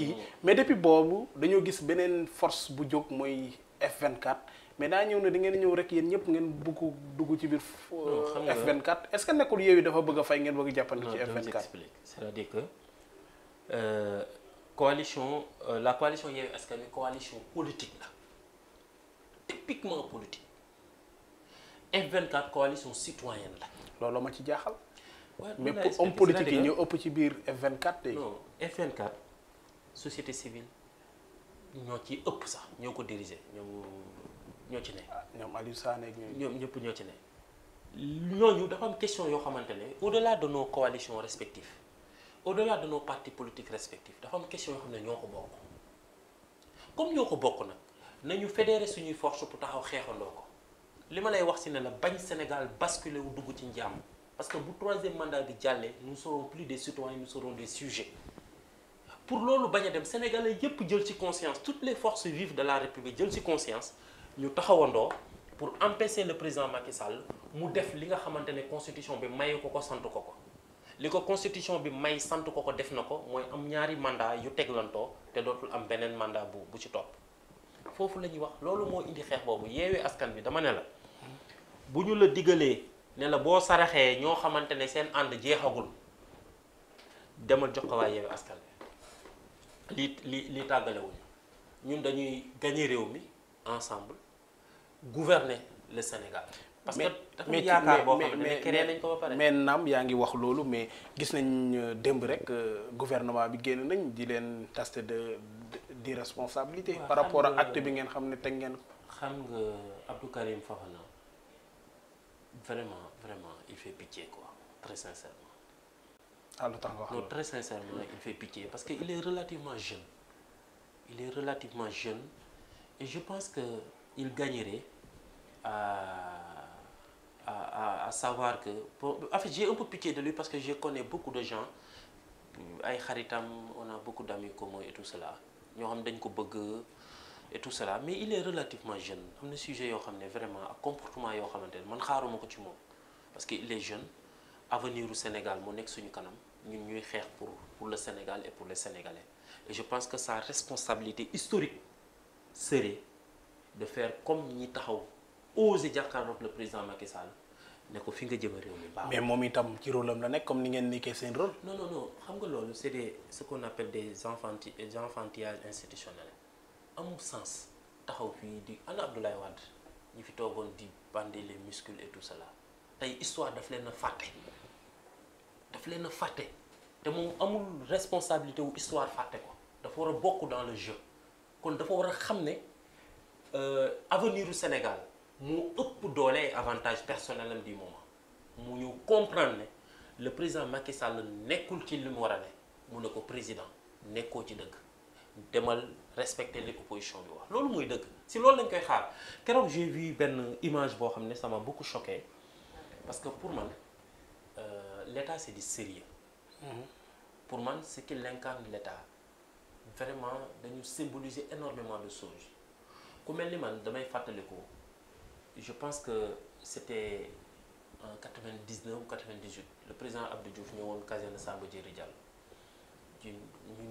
kii mais depuis boobu dañoo gis beneen force bu jóg mooy F24 mais daa ñëw ne di ngeen ñëw rek yéen ñëpp ngeen bëgg dugg ci biir. F24 est-ce que nekkul yooyu dafa bëgg a fay ngeen bëgg jàppandi ci F24 c'est-à-dire euh, euh, la coalition Yewwi Askan Wi coalition politique la typiquement politique F24 coalition citoyenne la. loolu ma ci jaaxal. mais pour homme politique yi ñoo ëpp ci biir F24 tey. F24. société civile ñoo ci ëpp sax ñoo ko diriger ñoom ñoo ci ne. Ah, ñoom Aliou Sané ak ñoom ñëpp ñoo ci ne. ñooñu dafa am question yoo xamante ne au-delà de nos coalitions respectives au-delà de nos partis politiques respectifs dafa am question yoo xam ne ñoo ko bokk comme ñoo ko bokk nag nañu fédérer suñuy force pour taxaw xeexandoo ko li ma lay wax si ne la bañ Sénégal basculer wu dugg ci njàmm parce que bu troisième mandat bi jàllee nous serons plus des citoyens nous serons des sujets. pour loolu bañ a dem sénégalais yépp jël ci conscience toutes les forces vives de la bi jël ci conscience ñu taxawandoo pour empêcher le président Macky Sall mu def li nga xamante ne constitution bi mayu ko ko santu ko ko li ko constitution bi may sant ko ko def na ko mooy am ñaari mandat yu teglantoo te dootul am beneen mandat bu bu ci topp foofu la ñuy wax loolu moo indi xeex boobu yeewe askan bi dama ne la bu ñu la digalee ne la boo saraxee ñoo xamante ne seen ànd jeexagul demal jox ko waa yeewee askan bi lii lii lii tàggalewuñu ñun dañuy gagner réew mi ensemble gouverne le Sénégal. parce que dafa yaakaar boo xam ne créé nañ ko ba pare. mais naam yaa ngi wax loolu mais gis nañ euh, démb rek euh, gouvernement bi génn nañ di leen taster de di responsabilité par rapport ak acte bi ngeen xam ne teg ngeen xam nga Abdou Karim Fofana vraiment vraiment il fait pitié quoi Sall tax nga wax non très sincèrement il fait pitié parce que il est relativement jeune il est relativement jeune et je pense que il gagnerait à à à, à savoir que pour... en fait j'ai un peu pitié de lui parce que je connais beaucoup de gens ay xaritam on a beaucoup d'amis communs et tout cela ñoo xam ne dañ ko bëgg et tout cela mais il est relativement jeune am na sujet yoo xam ne vraiment ak comportement yoo xamante ne man xaaruma ko ci moom parce que il est jeune avenir Sénégal moo nekk suñu kanam ñun ñuy xeex pour pour le Sénégal et pour les Sénégalais et je pense que sa responsabilité historique serait de fair comme ñi taxaw oser jàkkaarloog le président Macky Sall ne ko fi nga jëm réew mi baax mais moom itam ci rôle am la nekk comme ni ngeen nekkee seen rôle. non non non xam nga loolu c'est des ce qu'on appelle des enfanti des enfantillages institutionnels amul sens taxaw fii di ana Abdoulaye Wade ñi fi toogoon di bander les muscles et tout cela tey histoire daf leen a daf leen a fàtte te moom amul responsabilité wu histoire fàtte ko dafa war a bokk dans le jeu kon dafa war a xam ne euh, avenir u Sénégal mu ëpp doole avantage personnel am di moment mu ñu comprendre ne le président Macky Sall nekkul ci li mu war a ne mu ne ko président nekkoo ci dëgg demal respecter li opposition bi wax loolu mooy dëgg si loolu lañ koy xaar keroog j'ai vu benn image boo xam ne sama m'a beaucoup parce que pour man euh, l'état c'est du sérieux mmh. pour man ce qui l'incarne l'état vraiment dañu symboliser énormément de choses ku mel ni man damay fàttaliku je pense que c'était en 99 ou 98 le président Abdou Diouf ñëwoon caserne Samba Diéry Diallo ñu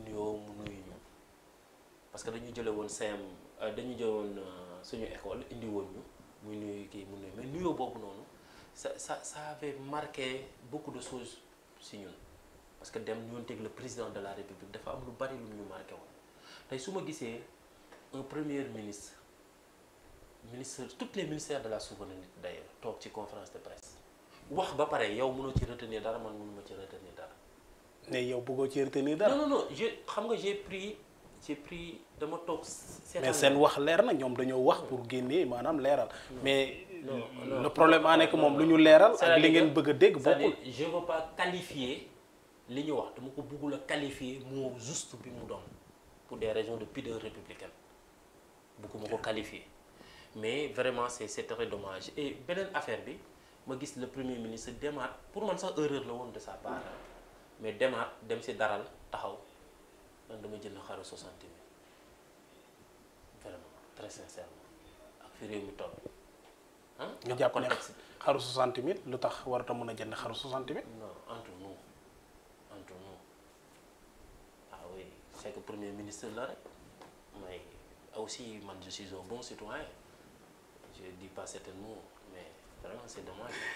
nuyoo mu nuyu ñu parce que dañu jële woon CM euh, dañu jële woon euh, suñu école indi woon ñu muy nuyu kii mu nuyu mais nuyoo boobu noonu ça ça ça avait marqué beaucoup de choses si ñun parce que dem ñoon teg le président de la république dafa am lu bari lu ñu marqué woon tey su ma gisee un premier ministre ministre toutes les ministères de la souveraineté day toog ci conférence de presse wax ba pare yow mënoo ci retenir dara man mënuma ci retenir dara. mais yow bëggoo ci retenir dara. non non non je xam nga j'ai prix j'ai pris dama toog. mais seen wax leer na ñoom dañoo wax pour génnee maanaam leeral mais. non le problème a nekk moom lu ñu leeral. ak li ngeen bëgg a dégg bokkul je veux pas li ñu wax dama ko bëggul a qualifier bi mu doon pour de région de pudeur républicaine bëgguma ko qualifier mais vraiment c' est c' est très dommage beneen affaire bi ma gis le premier ministre demaat pour man sax erreur la woon de sa part mais demaat dem si daral taxaw man dama jënd xaru 60 000 vraiment très sincèrement ak fi réew mi toll. ñu jàpp ne xaru 60 000 lu tax warut a mën a jënd xaru 60 000. entre nous entre nous ah oui c'est que premier ministre la rek mais aussi man je suis un bon citoyen je dis pas certains mots mais vraiment c'est dommage